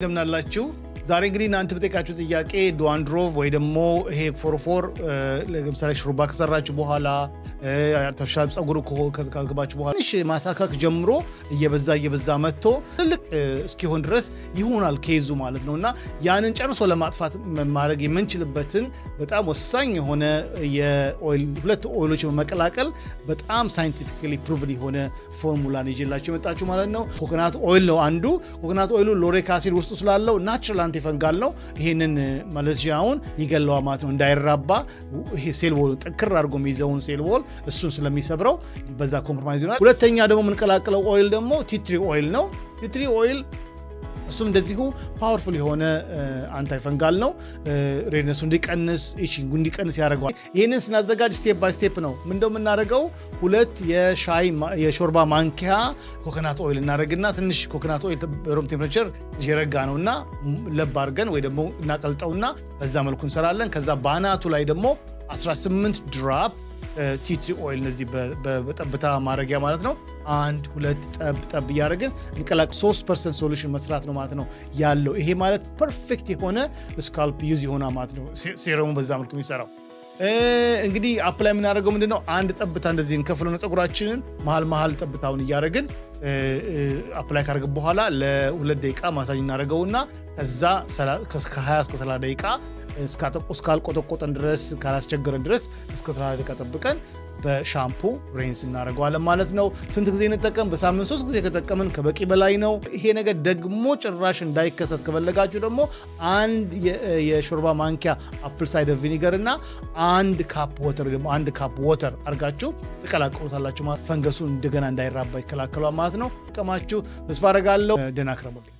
እንደምናላችሁ ዛሬ እንግዲህ እናንተ በጠየቃችሁ ጥያቄ ዶዋንድሮቭ ወይ ደግሞ ይሄ ፎርፎር ለምሳሌ ሹሩባ ከሰራችሁ በኋላ አርተፍሻል ጸጉር ከግባችሁ በኋላ ማሳካክ ጀምሮ እየበዛ እየበዛ መጥቶ ትልቅ እስኪሆን ድረስ ይሆናል ከይዙ ማለት ነው እና ያንን ጨርሶ ለማጥፋት ማድረግ የምንችልበትን በጣም ወሳኝ የሆነ ሁለት ኦይሎች በመቀላቀል በጣም ሳይንቲፊካሊ ፕሩቭን የሆነ ፎርሙላ ነው ይዤላቸው የመጣችሁ ማለት ነው። ኮኮናት ኦይል ነው አንዱ። ኮኮናት ኦይሉ ሎሬክ አሲድ ውስጡ ስላለው ናቹራል አንቲፈንጋል ነው። ይህንን ማለዚያውን ይገለዋ ማለት ነው እንዳይራባ ሴልቦል ጥክር አድርጎ የሚይዘውን ሴልቦል እሱን ስለሚሰብረው በዛ ኮምፕሮማይዝ ይሆናል። ሁለተኛ ደግሞ የምንቀላቅለው ኦይል ደግሞ ቲትሪ ኦይል ነው። ቲትሪ ኦይል እሱም እንደዚሁ ፓወርፉል የሆነ አንታይ ፈንጋል ነው። ሬድነሱ እንዲቀንስ ኢቺንጉ እንዲቀንስ ያደርገዋል። ይህንን ስናዘጋጅ ስቴፕ ባይ ስቴፕ ነው። ምንደ የምናደርገው ሁለት የሻይ የሾርባ ማንኪያ ኮኮናት ኦይል እናደረግና ትንሽ ኮኮናት ኦይል ሮም ቴምፕሬቸር የረጋ ነው እና ለብ አድርገን ወይ ደግሞ እናቀልጠውና በዛ መልኩ እንሰራለን። ከዛ በአናቱ ላይ ደግሞ 18 ድራፕ ቲትሪ ኦይል እነዚህ በጠብታ ማድረጊያ ማለት ነው። አንድ ሁለት ጠብ ጠብ እያደረግን እንቀላቅ ሶስት ፐርሰንት ሶሉሽን መስራት ነው ማለት ነው ያለው። ይሄ ማለት ፐርፌክት የሆነ ስካልፕ ዩዝ ይሆና ማለት ነው። ሴረሙ በዛ መልኩ የሚሰራው እንግዲህ አፕላይ የምናደርገው ምንድነው አንድ ጠብታ እንደዚህ እንከፍለነ ፀጉራችንን መሀል መሀል ጠብታውን እያደረግን አፕላይ ካደረግን በኋላ ለሁለት ደቂቃ ማሳጅ እናደርገውና ከዛ ከ20 እስከ 30 ደቂቃ እስካልቆጠቆጠን ድረስ ካላስቸገረን ድረስ እስከ ስራ ደቂቃ ጠብቀን በሻምፑ ሬንስ እናደርገዋለን ማለት ነው። ስንት ጊዜ እንጠቀም? በሳምንት ሶስት ጊዜ ከጠቀምን ከበቂ በላይ ነው። ይሄ ነገር ደግሞ ጭራሽ እንዳይከሰት ከፈለጋችሁ ደግሞ አንድ የሾርባ ማንኪያ አፕል ሳይደር ቪኒገር እና አንድ ካፕ ወተር ደግሞ አንድ ካፕ ወተር አድርጋችሁ ትቀላቅሉታላችሁ። ፈንገሱ እንደገና እንዳይራባ ይከላከሏል ማለት ነው። ጠቀማችሁ ተስፋ አደርጋለሁ። ደህና ክረሙልኝ።